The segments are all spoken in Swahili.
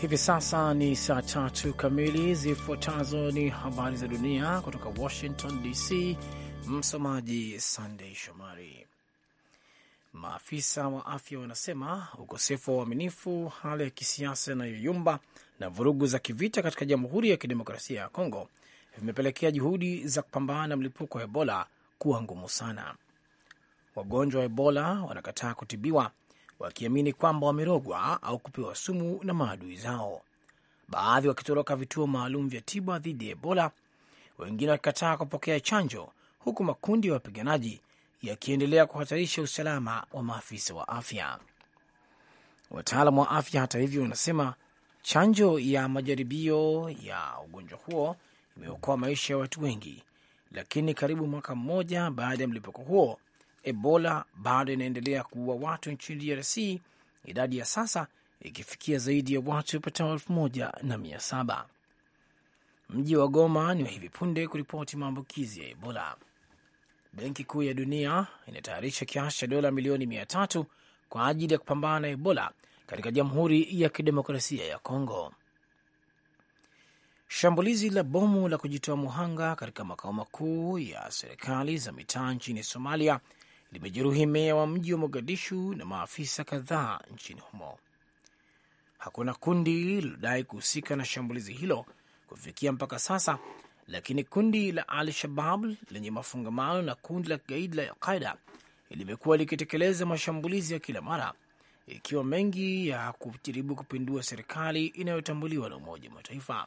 Hivi sasa ni saa tatu kamili. Zifuatazo ni habari za dunia kutoka Washington DC. Msomaji Sandei Shomari. Maafisa wa afya wanasema ukosefu wa uaminifu, hali ya kisiasa inayoyumba na vurugu za kivita katika Jamhuri ya Kidemokrasia ya Kongo vimepelekea juhudi za kupambana na mlipuko wa Ebola kuwa ngumu sana. Wagonjwa wa Ebola wanakataa kutibiwa wakiamini kwamba wamerogwa au kupewa sumu na maadui zao, baadhi wakitoroka vituo maalum vya tiba dhidi ya Ebola, wengine wakikataa kupokea chanjo, huku makundi ya wapiganaji yakiendelea kuhatarisha usalama wa maafisa wa afya. Wataalam wa afya, hata hivyo, wanasema chanjo ya majaribio ya ugonjwa huo imeokoa maisha ya watu wengi, lakini karibu mwaka mmoja baada ya mlipuko huo Ebola bado inaendelea kuua watu nchini DRC, idadi ya sasa ikifikia zaidi ya watu patao elfu moja na mia saba. Mji wa Goma ni wa hivi punde kuripoti maambukizi ya Ebola. Benki Kuu ya Dunia inatayarisha kiasi cha dola milioni mia tatu kwa ajili ya kupambana na Ebola katika Jamhuri ya Kidemokrasia ya Kongo. Shambulizi la bomu la kujitoa muhanga katika makao makuu ya serikali za mitaa nchini Somalia limejeruhi meya wa mji wa Mogadishu na maafisa kadhaa nchini humo. Hakuna kundi lililodai kuhusika na shambulizi hilo kufikia mpaka sasa, lakini kundi la Al Shabab lenye mafungamano na kundi la kigaidi la Alqaida limekuwa likitekeleza mashambulizi ya kila mara, ikiwa mengi ya kujaribu kupindua serikali inayotambuliwa na Umoja wa Mataifa.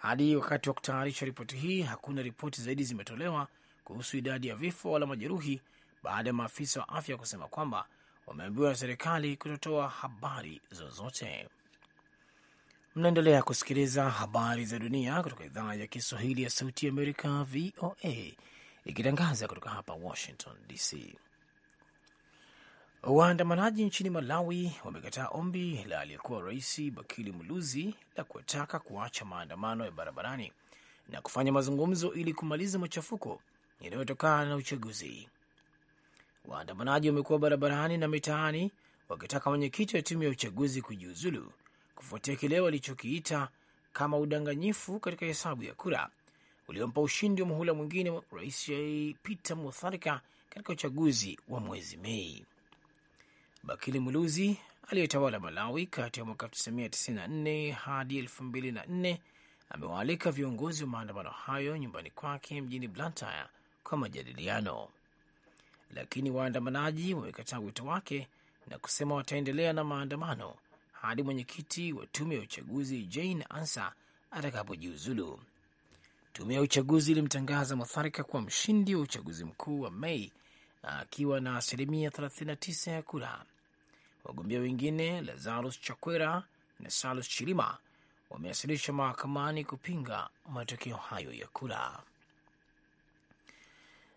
Hadi wakati wa kutayarisha ripoti hii, hakuna ripoti zaidi zimetolewa kuhusu idadi ya vifo wala majeruhi baada ya maafisa wa afya kusema kwamba wameambiwa na serikali kutotoa habari zozote. Mnaendelea kusikiliza habari za dunia kutoka idhaa ya Kiswahili ya Sauti ya Amerika, VOA, ikitangaza kutoka hapa Washington DC. Waandamanaji nchini Malawi wamekataa ombi la aliyekuwa rais Bakili Muluzi la kuwataka kuacha maandamano ya barabarani na kufanya mazungumzo ili kumaliza machafuko yanayotokana na uchaguzi. Waandamanaji wamekuwa barabarani na mitaani wakitaka mwenyekiti wa timu ya uchaguzi kujiuzulu kufuatia kile walichokiita kama udanganyifu katika hesabu ya kura uliompa ushindi wa muhula mwingine Rais Peter Mutharika katika uchaguzi wa mwezi Mei. Bakili Muluzi aliyetawala Malawi kati ya mwaka 1994 hadi 2004 amewaalika viongozi wa maandamano hayo nyumbani kwake mjini Blantyre kwa majadiliano, lakini waandamanaji wamekataa wito wake na kusema wataendelea na maandamano hadi mwenyekiti wa tume ya uchaguzi Jane Ansa atakapojiuzulu. Tume ya uchaguzi ilimtangaza Mutharika kuwa mshindi wa uchaguzi mkuu wa Mei akiwa na asilimia 39 ya kura. Wagombea wengine Lazarus Chakwera na Salus Chilima wameasilisha mahakamani kupinga matokeo hayo ya kura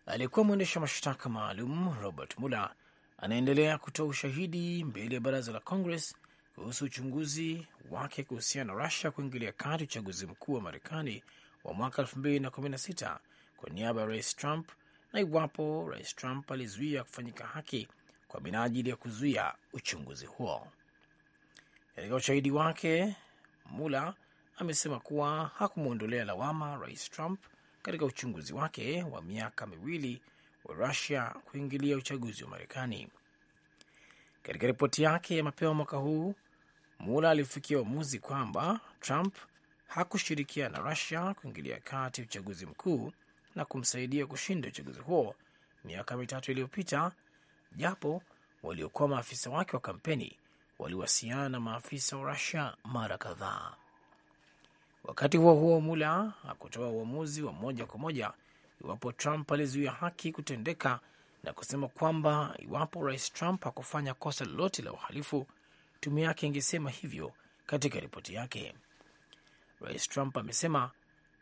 aliyekuwa mwendesha mashtaka maalum Robert Mueller anaendelea kutoa ushahidi mbele ya baraza la Congress kuhusu uchunguzi wake kuhusiana na Rusia kuingilia kati uchaguzi mkuu wa Marekani wa mwaka 2016 kwa niaba ya rais Trump na iwapo rais Trump alizuia kufanyika haki kwa minajili ya kuzuia uchunguzi huo. Katika ushahidi wake, Mula amesema kuwa hakumwondolea lawama rais Trump katika uchunguzi wake wa miaka miwili wa Rusia kuingilia uchaguzi wa Marekani. Katika ripoti yake ya mapema mwaka huu, Mula alifikia uamuzi kwamba Trump hakushirikiana na Rusia kuingilia kati uchaguzi mkuu na kumsaidia kushinda uchaguzi huo miaka mitatu iliyopita, japo waliokuwa maafisa wake wa kampeni waliwasiliana na maafisa wa Rusia mara kadhaa. Wakati huo huo, Mula hakutoa uamuzi wa moja kwa moja iwapo Trump alizuia haki kutendeka na kusema kwamba iwapo rais Trump hakufanya kosa lolote la uhalifu, tume yake ingesema hivyo katika ripoti yake. Rais Trump amesema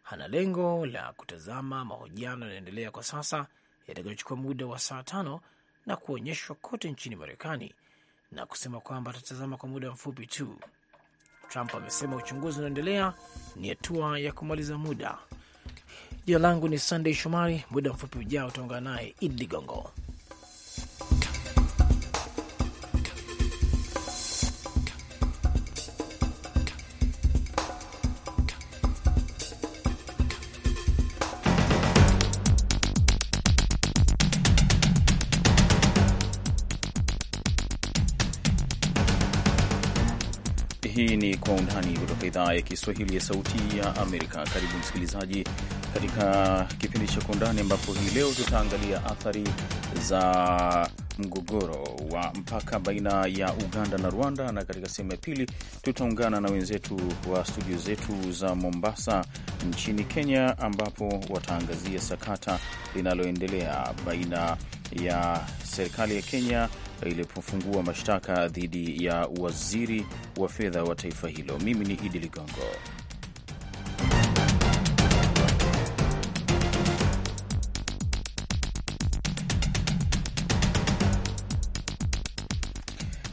hana lengo la kutazama mahojiano yanaendelea kwa sasa yatakayochukua muda wa saa tano na kuonyeshwa kote nchini Marekani, na kusema kwamba atatazama kwa muda mfupi tu. Trump amesema uchunguzi unaendelea, ni hatua ya kumaliza muda. Jina langu ni Sandey Shomari. Muda mfupi ujao utaungana naye Idi Ligongo. Marekani kutoka idhaa ya Kiswahili ya Sauti ya Amerika. Karibu msikilizaji katika kipindi cha Kwa Undani, ambapo hii leo tutaangalia athari za mgogoro wa mpaka baina ya Uganda na Rwanda, na katika sehemu ya pili tutaungana na wenzetu wa studio zetu za Mombasa nchini Kenya, ambapo wataangazia sakata linaloendelea baina ya serikali ya Kenya ilipofungua mashtaka dhidi ya waziri wa fedha wa taifa hilo. Mimi ni Idi Ligongo.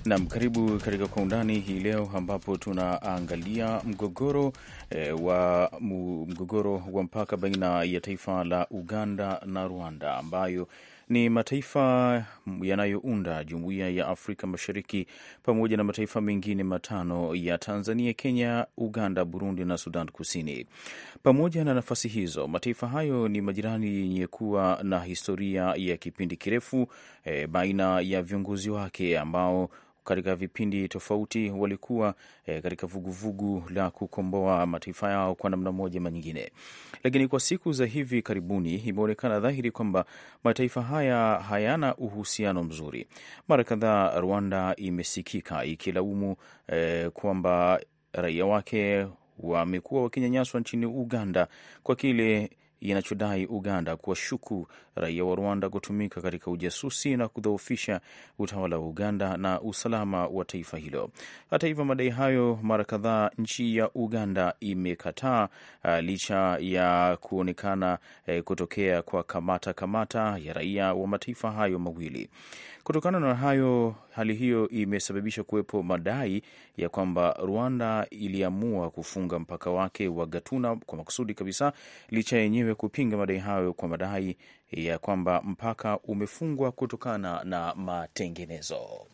Nam, karibu katika Kwa Undani hii leo, ambapo tunaangalia mgogoro e, wa mgogoro wa mpaka baina ya taifa la Uganda na Rwanda ambayo ni mataifa yanayounda jumuiya ya Afrika Mashariki pamoja na mataifa mengine matano ya Tanzania, Kenya, Uganda, Burundi na Sudan Kusini. Pamoja na nafasi hizo, mataifa hayo ni majirani yenye kuwa na historia ya kipindi kirefu e, baina ya viongozi wake ambao katika vipindi tofauti walikuwa e, katika vuguvugu vugu la kukomboa mataifa yao kwa namna moja ama nyingine, lakini kwa siku za hivi karibuni imeonekana dhahiri kwamba mataifa haya hayana uhusiano mzuri. Mara kadhaa Rwanda imesikika ikilaumu e, kwamba raia wake wamekuwa wakinyanyaswa nchini Uganda kwa kile inachodai Uganda kuwashuku raia wa Rwanda kutumika katika ujasusi na kudhoofisha utawala wa Uganda na usalama wa taifa hilo. Hata hivyo, madai hayo mara kadhaa nchi ya Uganda imekataa ah, licha ya kuonekana eh, kutokea kwa kamata kamata ya raia wa mataifa hayo mawili. Kutokana na hayo, hali hiyo imesababisha kuwepo madai ya kwamba Rwanda iliamua kufunga mpaka wake wa Gatuna kwa makusudi kabisa, licha yenyewe Israel kupinga madai hayo kwa madai ya kwamba mpaka umefungwa kutokana na matengenezo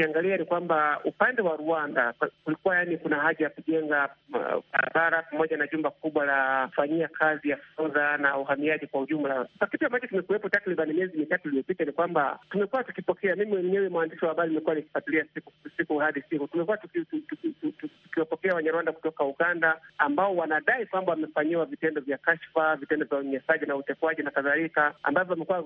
ukiangalia ni kwamba upande wa Rwanda kulikuwa yani, kuna haja ya kujenga uh, barabara pamoja na jumba kubwa la kufanyia kazi ya forodha na uhamiaji kwa ujumla. Kitu ambacho kimekuwepo takriban miezi mitatu iliyopita ni kwamba tumekuwa tukipokea, mimi mwenyewe mwandishi wa habari nimekuwa nikifuatilia siku siku hadi siku, tumekuwa tukiwapokea Wanyarwanda kutoka Uganda ambao wanadai kwamba wamefanyiwa vitendo vya kashfa, vitendo vya unyanyasaji na utekwaji na kadhalika, ambavyo wamekuwa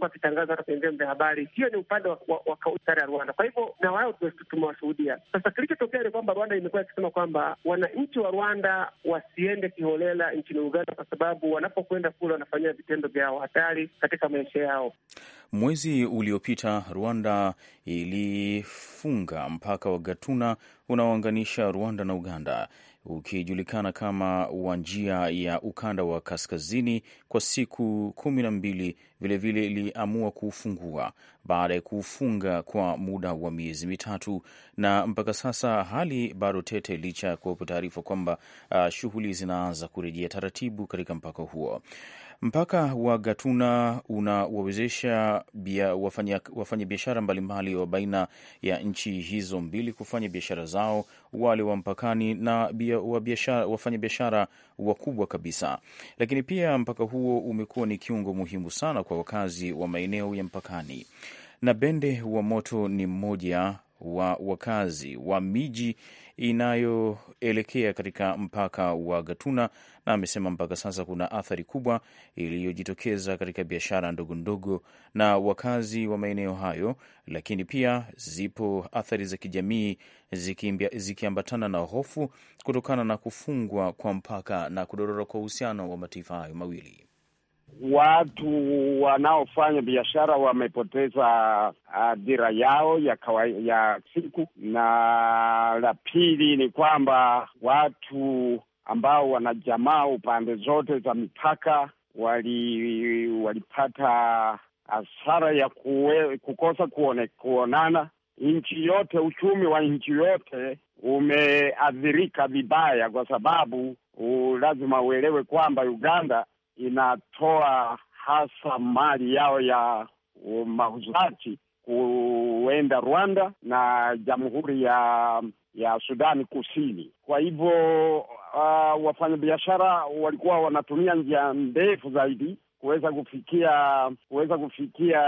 wakitangaza hata kwenye vyombo vya habari. Hiyo ni upande wa kautari ya Rwanda. Kwa hivyo na wao tumewashuhudia. Sasa kilichotokea ni kwamba Rwanda imekuwa ikisema kwamba wananchi wa Rwanda wasiende kiholela nchini Uganda kwa sababu wanapokwenda kule wanafanyia vitendo vya hatari katika maisha yao. Mwezi uliopita Rwanda ilifunga mpaka wa Gatuna unaounganisha Rwanda na Uganda ukijulikana kama wa njia ya ukanda wa kaskazini kwa siku kumi na mbili, vilevile iliamua kuufungua baada ya kuufunga kwa muda wa miezi mitatu, na mpaka sasa hali bado tete, licha ya kuwepo taarifa kwamba uh, shughuli zinaanza kurejea taratibu katika mpaka huo. Mpaka wa Gatuna unawawezesha biashara mbalimbali wa baina ya nchi hizo mbili kufanya biashara zao, wale wa mpakani na wafanya biashara wakubwa kabisa. Lakini pia mpaka huo umekuwa ni kiungo muhimu sana kwa wakazi wa maeneo ya mpakani, na Bende wa Moto ni mmoja wa wakazi wa miji inayoelekea katika mpaka wa Gatuna, na amesema mpaka sasa kuna athari kubwa iliyojitokeza katika biashara ndogo ndogo na wakazi wa maeneo hayo, lakini pia zipo athari za kijamii zikiambatana na hofu kutokana na kufungwa kwa mpaka na kudorora kwa uhusiano wa mataifa hayo mawili watu wanaofanya biashara wamepoteza ah, dira yao ya kawa, ya siku, na la pili ni kwamba watu ambao wanajamaa upande zote za mipaka wali walipata hasara ya kuwe, kukosa kuone, kuonana. Nchi yote, uchumi wa nchi yote umeathirika vibaya, kwa sababu lazima uelewe kwamba Uganda inatoa hasa mali yao ya mauzaji kuenda Rwanda na Jamhuri ya ya Sudani Kusini. Kwa hivyo uh, wafanyabiashara walikuwa wanatumia njia ndefu zaidi kuweza kufikia kuweza kufikia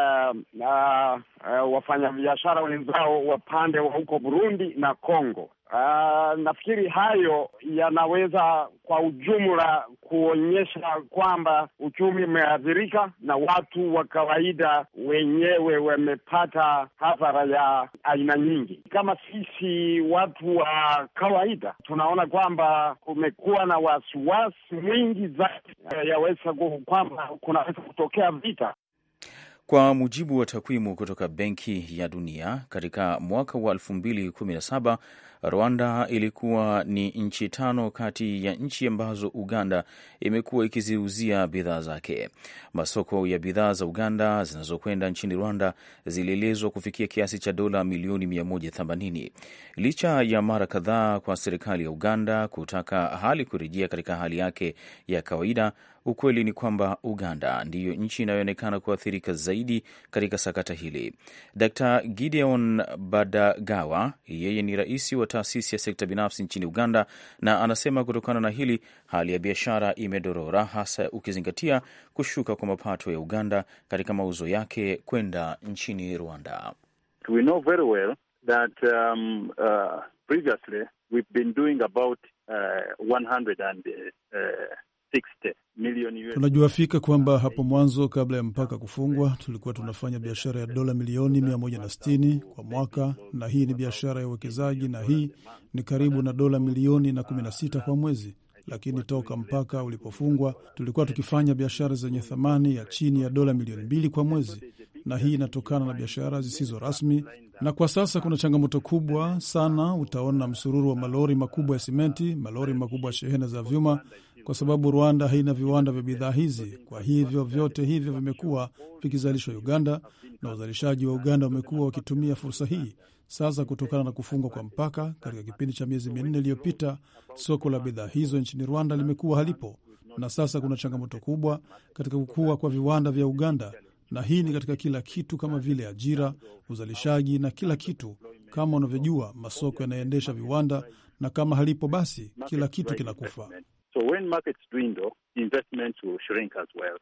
uh, uh, wafanyabiashara wenzao wapande wa huko Burundi na congo Uh, nafikiri hayo yanaweza kwa ujumla kuonyesha kwamba uchumi umeathirika na watu wa kawaida wenyewe wamepata hadhara ya aina nyingi. Kama sisi watu wa kawaida tunaona kwamba kumekuwa na wasiwasi mwingi zaidi, eh, yaweza kwamba kunaweza kutokea vita kwa mujibu wa takwimu kutoka Benki ya Dunia, katika mwaka wa 2017 Rwanda ilikuwa ni nchi tano kati ya nchi ambazo Uganda imekuwa ikiziuzia bidhaa zake. Masoko ya bidhaa za Uganda zinazokwenda nchini Rwanda zilielezwa kufikia kiasi cha dola milioni 180, licha ya mara kadhaa kwa serikali ya Uganda kutaka hali kurejea katika hali yake ya kawaida. Ukweli ni kwamba Uganda ndiyo nchi inayoonekana kuathirika zaidi katika sakata hili. Dr Gideon Badagawa, yeye ni rais wa taasisi ya sekta binafsi nchini Uganda, na anasema kutokana na hili hali ya biashara imedorora, hasa ukizingatia kushuka kwa mapato ya Uganda katika mauzo yake kwenda nchini Rwanda. We know very well that um, uh, previously we've been doing about uh, 100 and, uh, Tunajua fika kwamba ah, hapo mwanzo, kabla ya mpaka kufungwa, tulikuwa tunafanya biashara ya dola milioni 160 kwa mwaka, na hii ni biashara ya uwekezaji, na hii ni karibu na dola milioni na 16 kwa mwezi. Lakini toka mpaka ulipofungwa, tulikuwa tukifanya biashara zenye thamani ya chini ya dola milioni mbili kwa mwezi, na hii inatokana na biashara zisizo rasmi. Na kwa sasa kuna changamoto kubwa sana. Uh, Utaona msururu wa malori makubwa ya simenti, malori makubwa ya shehena za vyuma kwa sababu Rwanda haina viwanda vya bidhaa hizi. Kwa hivyo vyote hivyo vimekuwa vikizalishwa Uganda na wazalishaji wa Uganda wamekuwa wakitumia fursa hii. Sasa kutokana na kufungwa kwa mpaka katika kipindi cha miezi minne iliyopita, soko la bidhaa hizo nchini Rwanda limekuwa halipo, na sasa kuna changamoto kubwa katika kukua kwa viwanda vya Uganda, na hii ni katika kila kitu kama vile ajira, uzalishaji na kila kitu. Kama unavyojua, masoko yanaendesha viwanda, na kama halipo, basi kila kitu kinakufa. So when markets dwindle, investments will shrink as well.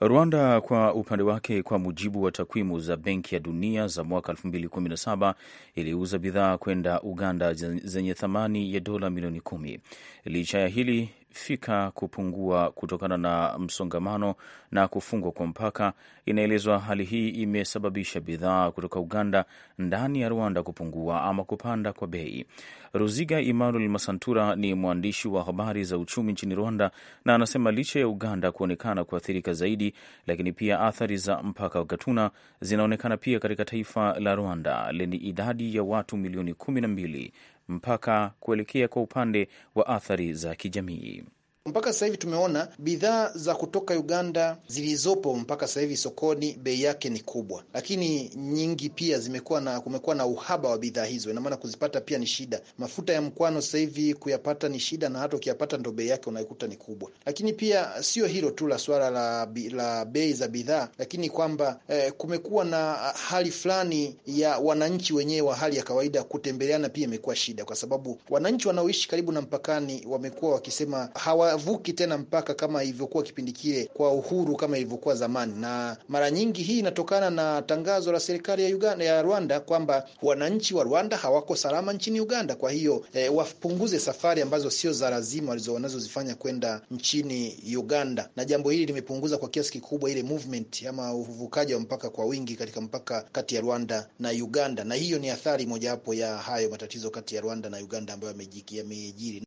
Rwanda kwa upande wake, kwa mujibu wa takwimu za Benki ya Dunia za mwaka 2017 iliuza bidhaa kwenda Uganda zenye thamani ya dola milioni kumi. Licha ya hili, fika kupungua kutokana na msongamano na kufungwa kwa mpaka. Inaelezwa hali hii imesababisha bidhaa kutoka Uganda ndani ya Rwanda kupungua ama kupanda kwa bei. Ruziga Emmanuel Masantura ni mwandishi wa habari za uchumi nchini Rwanda na anasema licha ya Uganda kuonekana kuathirika zaidi, lakini pia athari za mpaka wa Gatuna zinaonekana pia katika taifa la Rwanda lenye idadi ya watu milioni kumi na mbili mpaka kuelekea kwa upande wa athari za kijamii. Mpaka sasa hivi tumeona bidhaa za kutoka Uganda zilizopo mpaka sasa hivi sokoni bei yake ni kubwa, lakini nyingi pia zimekuwa na kumekuwa na uhaba wa bidhaa hizo, ina maana kuzipata pia ni shida. Mafuta ya mkwano sasa hivi kuyapata ni shida, na hata ukiyapata ndo bei yake unaikuta ni kubwa. Lakini pia sio hilo tu la swala la, la bei za bidhaa, lakini kwamba eh, kumekuwa na ah, hali fulani ya wananchi wenyewe wa hali ya kawaida kutembeleana, pia imekuwa shida, kwa sababu wananchi wanaoishi karibu na mpakani wamekuwa wakisema hawa havuki tena mpaka kama ilivyokuwa kipindi kile kwa uhuru kama ilivyokuwa zamani, na mara nyingi hii inatokana na tangazo la serikali ya Uganda, ya Rwanda kwamba wananchi wa Rwanda hawako salama nchini Uganda. Kwa hiyo eh, wapunguze safari ambazo sio za lazima wanazozifanya kwenda nchini Uganda, na jambo hili limepunguza kwa kiasi kikubwa ile movement ama uvukaji wa mpaka kwa wingi katika mpaka kati ya Rwanda na Uganda, na hiyo ni athari mojawapo ya hayo matatizo kati ya Rwanda na Uganda ambayo yamejiri.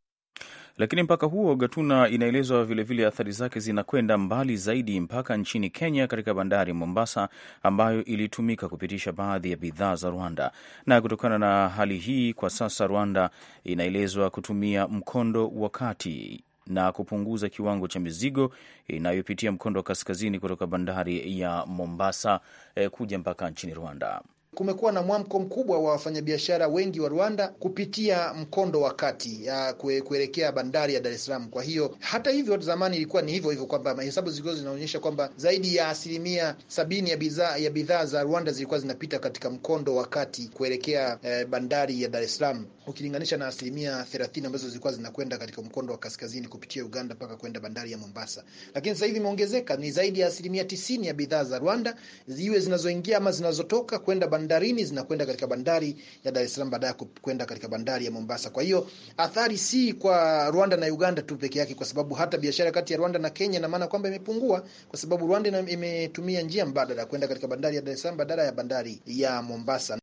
Lakini mpaka huo Gatuna inaelezwa vilevile athari zake zinakwenda mbali zaidi mpaka nchini Kenya, katika bandari Mombasa ambayo ilitumika kupitisha baadhi ya bidhaa za Rwanda. Na kutokana na hali hii, kwa sasa Rwanda inaelezwa kutumia mkondo wa kati na kupunguza kiwango cha mizigo inayopitia mkondo wa kaskazini kutoka bandari ya Mombasa eh, kuja mpaka nchini Rwanda kumekuwa na mwamko mkubwa wa wafanyabiashara wengi wa Rwanda kupitia mkondo wa kati ya kuelekea bandari ya Dar es Salaam. Kwa hiyo hata hivyo, zamani ilikuwa ni hivyo hivyo kwamba mahesabu zilikuwa zinaonyesha kwamba zaidi ya asilimia sabini ya bidhaa ya bidhaa za Rwanda zilikuwa zinapita katika mkondo wa kati kuelekea eh, bandari ya Dar es Salaam ukilinganisha na asilimia thelathini ambazo zilikuwa zinakwenda katika mkondo wa kaskazini kupitia Uganda mpaka kwenda bandari ya Mombasa. Lakini sasa hivi imeongezeka, ni zaidi ya asilimia tisini ya bidhaa za Rwanda ziwe zinazoingia ama zinazotoka kwenda bandari bandarini zinakwenda katika bandari ya Dar es Salaam, baadaye kwenda katika bandari ya Mombasa. Kwa hiyo athari si kwa Rwanda na Uganda tu peke yake, kwa sababu hata biashara kati ya Rwanda na Kenya na maana kwamba imepungua, kwa sababu Rwanda imetumia njia mbadala kwenda katika bandari ya Dar es Salaam badala ya bandari ya Mombasa.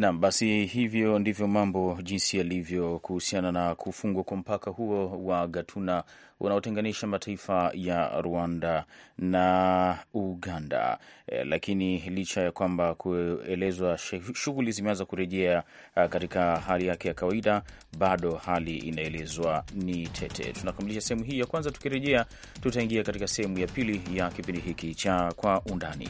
Nam, basi hivyo ndivyo mambo jinsi yalivyo kuhusiana na kufungwa kwa mpaka huo wa Gatuna unaotenganisha mataifa ya Rwanda na Uganda. E, lakini licha ya kwamba kuelezwa shughuli zimeanza kurejea katika hali yake ya kawaida, bado hali inaelezwa ni tete. Tunakamilisha sehemu hii ya kwanza, tukirejea tutaingia katika sehemu ya pili ya kipindi hiki cha Kwa Undani.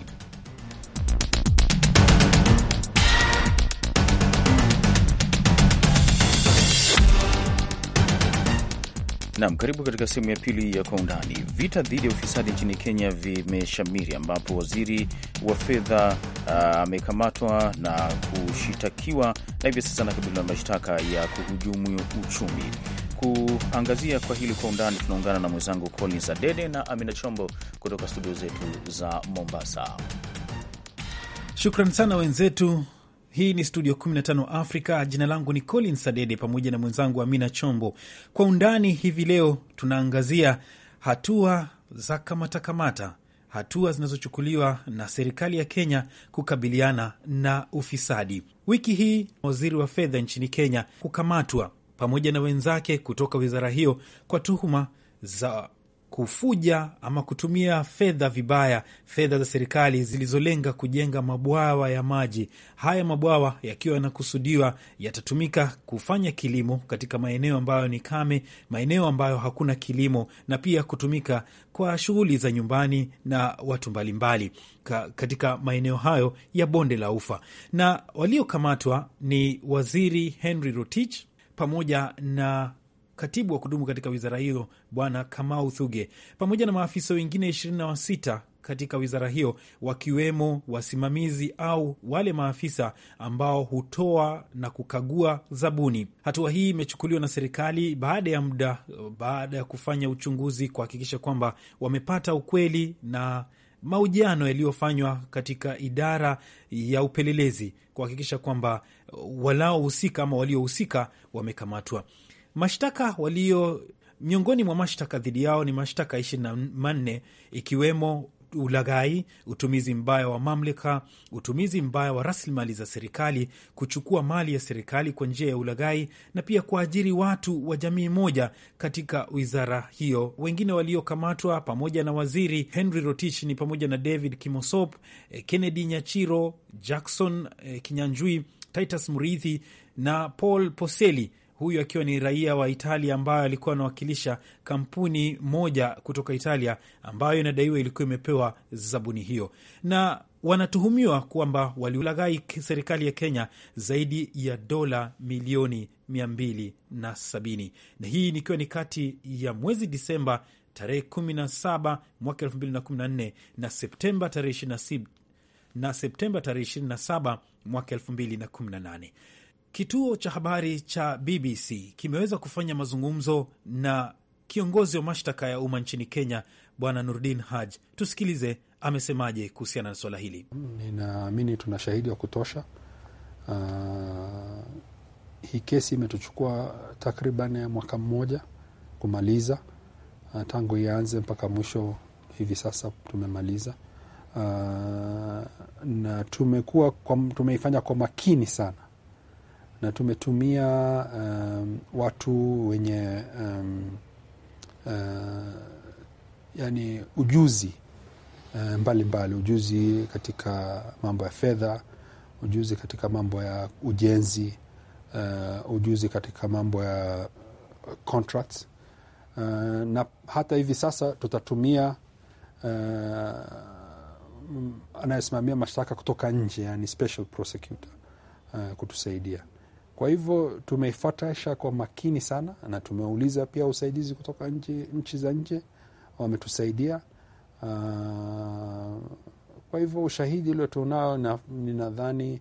Nam, karibu katika sehemu ya pili ya Kwa Undani. Vita dhidi ya ufisadi nchini Kenya vimeshamiri ambapo waziri wa fedha ah, amekamatwa na kushitakiwa na hivi sasa anakabiliwa na mashtaka ya kuhujumu uchumi. Kuangazia kwa hili kwa undani, tunaungana na mwenzangu Collins Adede na Amina Chombo kutoka studio zetu za Mombasa. Shukran sana wenzetu hii ni Studio 15 Africa. Jina langu ni Colin Sadede pamoja na mwenzangu Amina Chombo. Kwa undani hivi leo tunaangazia hatua za kamatakamata, hatua zinazochukuliwa na serikali ya Kenya kukabiliana na ufisadi. Wiki hii waziri wa fedha nchini Kenya kukamatwa pamoja na wenzake kutoka wizara hiyo kwa tuhuma za kufuja ama kutumia fedha vibaya, fedha za serikali zilizolenga kujenga mabwawa ya maji. Haya mabwawa yakiwa yanakusudiwa yatatumika kufanya kilimo katika maeneo ambayo ni kame, maeneo ambayo hakuna kilimo, na pia kutumika kwa shughuli za nyumbani na watu mbalimbali mbali, katika maeneo hayo ya bonde la Ufa. Na waliokamatwa ni waziri Henry Rotich pamoja na katibu wa kudumu katika wizara hiyo Bwana Kamau Thuge pamoja na maafisa wengine ishirini na sita katika wizara hiyo wakiwemo wasimamizi au wale maafisa ambao hutoa na kukagua zabuni. Hatua hii imechukuliwa na serikali baada ya muda, baada ya kufanya uchunguzi kuhakikisha kwamba wamepata ukweli na mahojiano yaliyofanywa katika idara ya upelelezi kuhakikisha kwamba walaohusika ama waliohusika wamekamatwa mashtaka walio miongoni mwa mashtaka dhidi yao ni mashtaka ishirini na manne ikiwemo ulaghai, utumizi mbaya wa mamlaka, utumizi mbaya wa rasilimali za serikali, kuchukua mali ya serikali kwa njia ya ulaghai, na pia kuajiri watu wa jamii moja katika wizara hiyo. Wengine waliokamatwa pamoja na waziri Henry Rotich ni pamoja na David Kimosop, eh, Kennedy Nyachiro, Jackson eh, Kinyanjui, Titus Murithi na Paul Poseli huyu akiwa ni raia wa Italia ambayo alikuwa anawakilisha kampuni moja kutoka Italia ambayo inadaiwa ilikuwa imepewa zabuni hiyo, na wanatuhumiwa kwamba waliulaghai serikali ya Kenya zaidi ya dola milioni 270, na hii ikiwa ni kati ya mwezi Disemba tarehe 17 mwaka 2014 na Septemba tarehe 27 mwaka 2018. Kituo cha habari cha BBC kimeweza kufanya mazungumzo na kiongozi wa mashtaka ya umma nchini Kenya, Bwana Nurdin haj Tusikilize amesemaje kuhusiana na swala hili. Ninaamini tuna shahidi wa kutosha. Uh, hii kesi imetuchukua takriban mwaka mmoja kumaliza, uh, tangu ianze mpaka mwisho. Hivi sasa tumemaliza, uh, na tumekuwa tumeifanya kwa makini sana na tumetumia um, watu wenye um, uh, yani ujuzi mbalimbali uh, mbali, ujuzi katika mambo ya fedha, ujuzi katika mambo ya ujenzi uh, ujuzi katika mambo ya contracts uh, na hata hivi sasa tutatumia uh, anayesimamia mashtaka kutoka nje, yani special prosecutor uh, kutusaidia. Kwa hivyo tumeifuatasha kwa makini sana, na tumeuliza pia usaidizi kutoka nchi, nchi za nje wametusaidia. Ah, kwa hivyo ushahidi ulio tunao ninadhani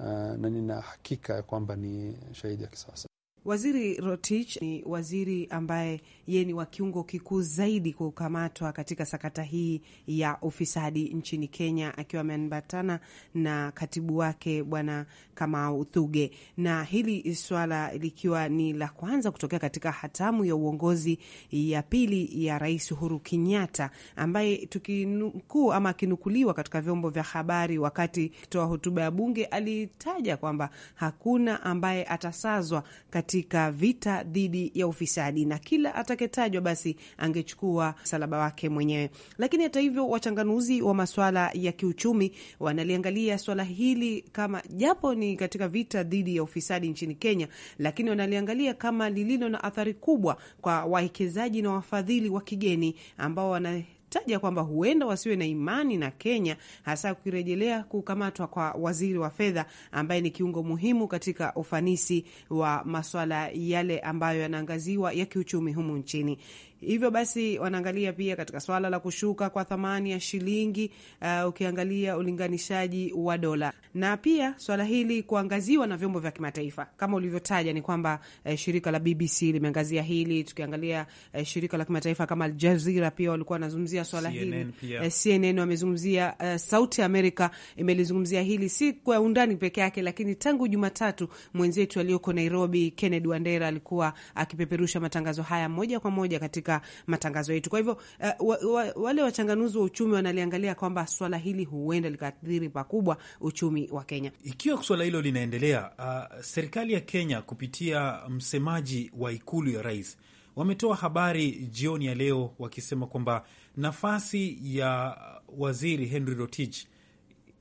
ah, na nina hakika ya kwamba ni shahidi ya kisasa. Waziri Rotich ni waziri ambaye ye ni wa kiungo kikuu zaidi kukamatwa katika sakata hii ya ufisadi nchini Kenya, akiwa ameambatana na katibu wake Bwana Kamau Thuge, na hili swala likiwa ni la kwanza kutokea katika hatamu ya uongozi ya pili ya Rais Uhuru Kenyatta, ambaye tukinukuu ama akinukuliwa katika vyombo vya habari wakati toa hotuba ya bunge alitaja kwamba hakuna ambaye atasazwa kati katika vita dhidi ya ufisadi, na kila ataketajwa basi angechukua msalaba wake mwenyewe. Lakini hata hivyo, wachanganuzi wa maswala ya kiuchumi wanaliangalia swala hili kama, japo ni katika vita dhidi ya ufisadi nchini Kenya, lakini wanaliangalia kama lililo na athari kubwa kwa wawekezaji na wafadhili wa kigeni ambao wana akitaja kwamba huenda wasiwe na imani na Kenya, hasa kukirejelea kukamatwa kwa waziri wa fedha ambaye ni kiungo muhimu katika ufanisi wa maswala yale ambayo yanaangaziwa ya kiuchumi humu nchini. Hivyo basi wanaangalia pia katika swala la kushuka kwa thamani ya shilingi uh, ukiangalia ulinganishaji wa dola, na pia swala hili kuangaziwa na vyombo vya kimataifa kama ulivyotaja, ni kwamba uh, shirika la BBC limeangazia hili, tukiangalia uh, shirika la kimataifa kama Aljazira pia walikuwa wanazungumzia swala hili, uh, eh, CNN wamezungumzia, uh, Sauti America imelizungumzia hili si kwa undani peke yake, lakini tangu Jumatatu mwenzetu aliyoko Nairobi Kennedy Wandera alikuwa akipeperusha matangazo haya moja kwa moja katika katika matangazo yetu. Kwa hivyo uh, wa, wa, wale wachanganuzi wa uchumi wanaliangalia kwamba swala hili huenda likaathiri pakubwa uchumi wa Kenya ikiwa swala hilo linaendelea. Uh, serikali ya Kenya kupitia msemaji wa ikulu ya rais wametoa habari jioni ya leo wakisema kwamba nafasi ya waziri Henry Rotich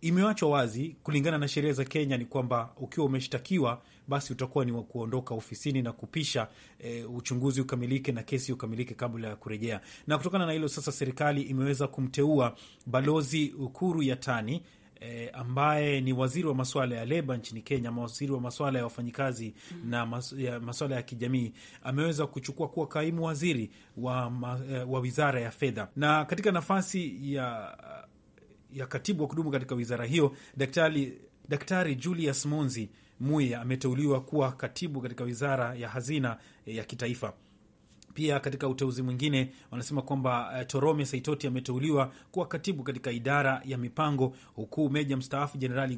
imewachwa wazi kulingana na sheria za Kenya. Ni kwamba ukiwa umeshtakiwa basi utakuwa ni wa kuondoka ofisini na kupisha e, uchunguzi ukamilike na kesi ukamilike kabla ya kurejea. Na kutokana na hilo sasa, serikali imeweza kumteua Balozi Ukuru Yatani E, ambaye ni waziri wa maswala ya leba nchini Kenya, waziri wa maswala ya wafanyikazi mm, na mas, ya, maswala ya kijamii ameweza kuchukua kuwa kaimu waziri wa, ma, eh, wa wizara ya fedha, na katika nafasi ya, ya katibu wa kudumu katika wizara hiyo Daktari Daktari Julius monzi Muya ameteuliwa kuwa katibu katika wizara ya hazina e, ya kitaifa. Pia katika uteuzi mwingine wanasema kwamba uh, Torome Saitoti ameteuliwa kuwa katibu katika idara ya mipango, huku meja mstaafu Jenerali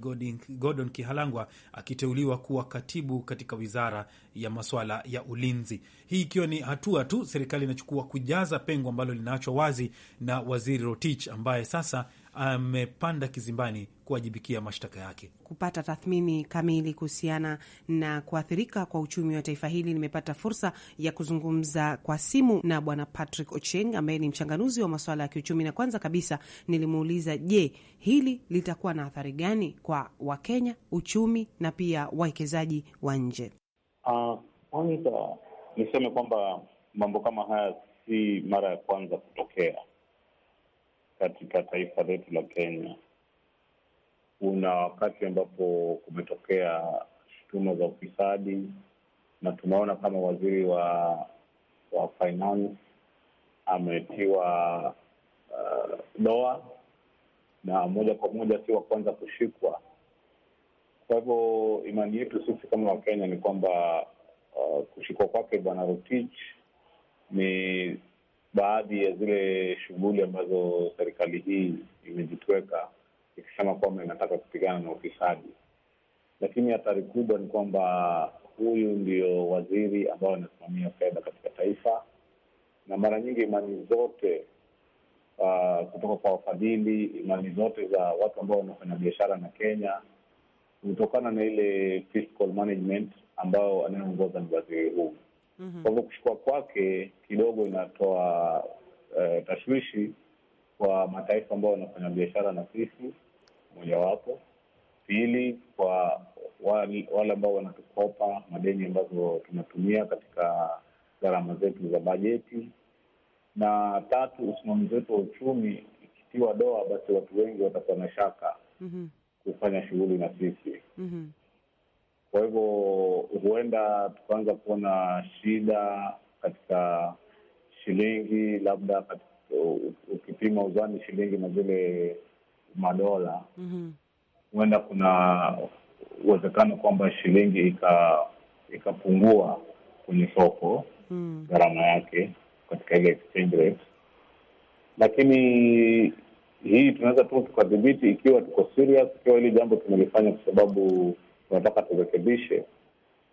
Gordon Kihalangwa akiteuliwa kuwa katibu katika wizara ya maswala ya ulinzi. Hii ikiwa ni hatua tu serikali inachukua kujaza pengo ambalo linaachwa wazi na waziri Rotich ambaye sasa amepanda kizimbani kuwajibikia mashtaka yake. Kupata tathmini kamili kuhusiana na kuathirika kwa uchumi wa taifa hili, nimepata fursa ya kuzungumza kwa simu na Bwana Patrick Ocheng ambaye ni mchanganuzi wa masuala ya kiuchumi, na kwanza kabisa nilimuuliza, je, hili litakuwa na athari gani kwa Wakenya, uchumi na pia wawekezaji wa nje? Ah, kwanza uh, niseme kwamba mambo kama haya si mara ya kwanza kutokea katika taifa letu la Kenya. Kuna wakati ambapo kumetokea shutuma za ufisadi, na tumeona kama waziri wa wa finance ametiwa uh, doa na moja kwa moja si wa kwanza kushikwa. Kwa hivyo imani yetu sisi kama Wakenya ni kwamba uh, kushikwa kwake Bwana Rotich ni baadhi ya zile shughuli ambazo serikali hii imejitweka ikisema kwamba inataka kupigana na ufisadi, lakini hatari kubwa ni kwamba huyu ndio waziri ambao anasimamia fedha katika taifa, na mara nyingi imani zote uh, kutoka kwa wafadhili, imani zote za watu ambao wanafanya biashara na Kenya kutokana na ile fiscal management ambayo anayeongoza ni waziri huu. Mhm. Kwa hivyo kuchukua kwake kidogo inatoa uh, tashwishi kwa mataifa ambayo wanafanya biashara na sisi mojawapo. Pili, kwa wale ambao wanatukopa madeni ambazo tunatumia katika gharama zetu za bajeti, na tatu, usimamizi wetu wa uchumi ikitiwa doa, basi watu wengi watakuwa na shaka mm -hmm. kufanya shughuli na sisi mm -hmm. Kwa hivyo huenda tukaanza kuona shida katika shilingi, labda ukipima uzani shilingi na zile madola mm huenda -hmm. kuna uwezekano kwamba shilingi ikapungua ika kwenye soko mm. gharama yake katika ile exchange rate, lakini hii tunaweza tu tukadhibiti ikiwa tuko serious, ikiwa hili jambo tumelifanya kwa sababu tunataka turekebishe,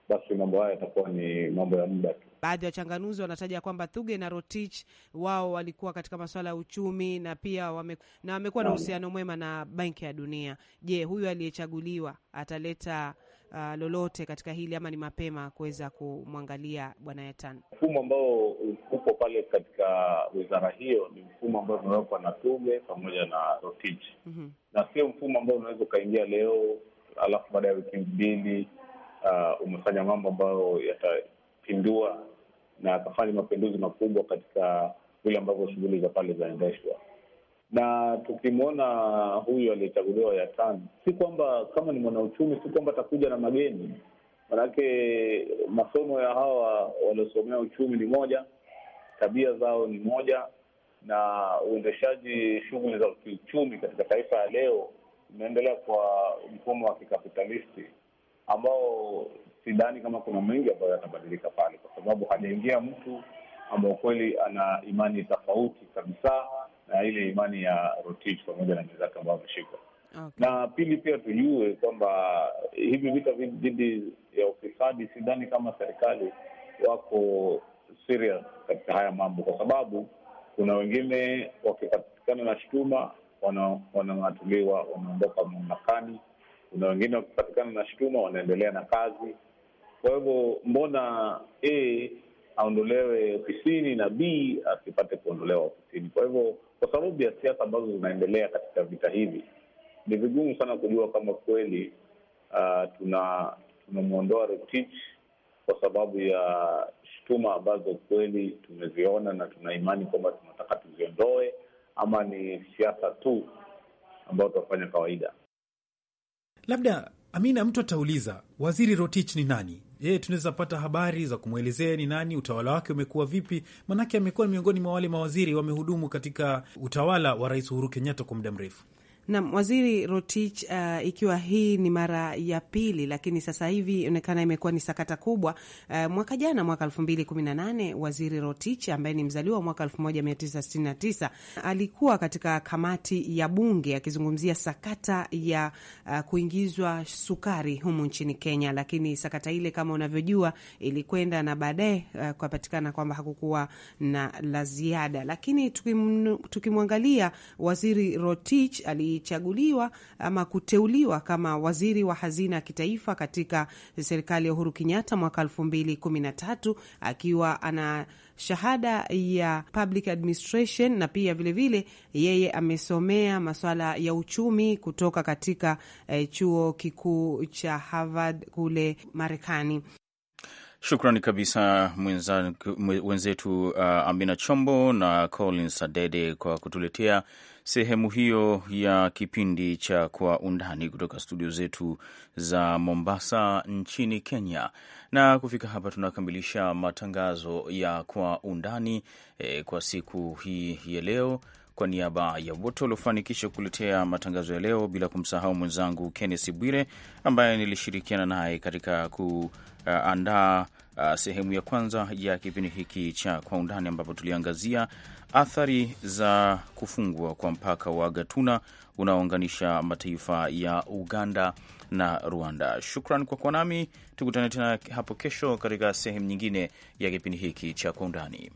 basi mambo haya yatakuwa ni mambo ya muda tu. Baadhi ya wachanganuzi wanataja kwamba Thuge na Rotich wao walikuwa katika masuala ya uchumi na pia wame, na wamekuwa na uhusiano mwema na Benki ya Dunia. Je, huyu aliyechaguliwa ataleta uh, lolote katika hili ama ni mapema kuweza kumwangalia Bwana Yatan? Mfumo ambao upo pale katika wizara hiyo ni mfumo ambao umewekwa na Thuge pamoja na Rotich mm -hmm. na sio mfumo ambao unaweza ukaingia leo alafu baada ya wiki mbili uh, umefanya mambo ambayo yatapindua na akafanya mapinduzi makubwa katika vile ambavyo shughuli za pale zaendeshwa Na tukimwona huyu aliyechaguliwa tano, si kwamba kama ni mwanauchumi, si kwamba atakuja na mageni, manake masomo ya hawa waliosomea uchumi ni moja, tabia zao ni moja, na uendeshaji shughuli za kiuchumi katika taifa ya leo inaendelea kwa mfumo wa kikapitalisti ambao sidhani kama kuna mengi ambayo yatabadilika pale, kwa sababu hajaingia mtu ambao kweli ana imani tofauti kabisa na ile imani ya Rotich pamoja na wenzake ambao wameshikwa. Okay. Na pili pia tujue kwamba hivi vita dhidi ya ufisadi, sidhani kama serikali wako serious katika haya mambo, kwa sababu kuna wengine wakipatikana na shutuma wanaoatuliwa wameondoka mamlakani. Kuna wengine wakipatikana na shutuma wanaendelea na kazi. Kwa hivyo, mbona A aondolewe ofisini na B asipate kuondolewa ofisini? Kwa hivyo, kwa sababu ya siasa ambazo zinaendelea katika vita hivi, ni vigumu sana kujua kama kweli uh, tuna tunamwondoa Rotich kwa sababu ya shutuma ambazo kweli tumeziona na tuna imani kwamba tunataka tuziondoe ama ni siasa tu ambayo tunafanya kawaida. Labda Amina, mtu atauliza waziri Rotich ni nani? yeye tunaweza pata habari za kumwelezea ni nani? Utawala wake umekuwa vipi? Maanake amekuwa miongoni mwa wale mawaziri wamehudumu katika utawala wa Rais Uhuru Kenyatta kwa muda mrefu. Nam Waziri Rotich, uh, ikiwa hii ni mara ya pili, lakini sasa hivi onekana imekuwa ni sakata kubwa. Uh, mwaka jana, mwaka elfu mbili kumi na nane, Waziri Rotich ambaye ni mzaliwa mwaka elfu moja mia tisa sitini na tisa alikuwa katika kamati ya bunge akizungumzia sakata ya uh, kuingizwa sukari humu nchini Kenya, lakini sakata ile kama unavyojua ilikwenda na baadaye uh, kupatikana kwamba hakukuwa na la ziada, lakini tukimwangalia Waziri Rotich ali alichaguliwa ama kuteuliwa kama waziri wa hazina ya kitaifa katika serikali ya Uhuru Kenyatta mwaka elfu mbili kumi na tatu akiwa ana shahada ya public administration na pia vilevile vile, yeye amesomea masuala ya uchumi kutoka katika eh, chuo kikuu cha Harvard kule Marekani. Shukrani kabisa mwenza, mwenzetu uh, Amina Chombo na Colin adede kwa kutuletea sehemu hiyo ya kipindi cha Kwa Undani kutoka studio zetu za Mombasa nchini Kenya. Na kufika hapa, tunakamilisha matangazo ya Kwa Undani e, kwa siku hii ya leo. Kwa niaba ya wote waliofanikisha kukuletea matangazo ya leo, bila kumsahau mwenzangu Kenneth Bwire ambaye nilishirikiana naye katika ku uh, andaa uh, sehemu ya kwanza ya kipindi hiki cha Kwa Undani, ambapo tuliangazia athari za kufungwa kwa mpaka wa Gatuna unaounganisha mataifa ya Uganda na Rwanda. Shukran kwa kuwa nami, tukutane tena hapo kesho katika sehemu nyingine ya kipindi hiki cha Kwa Undani.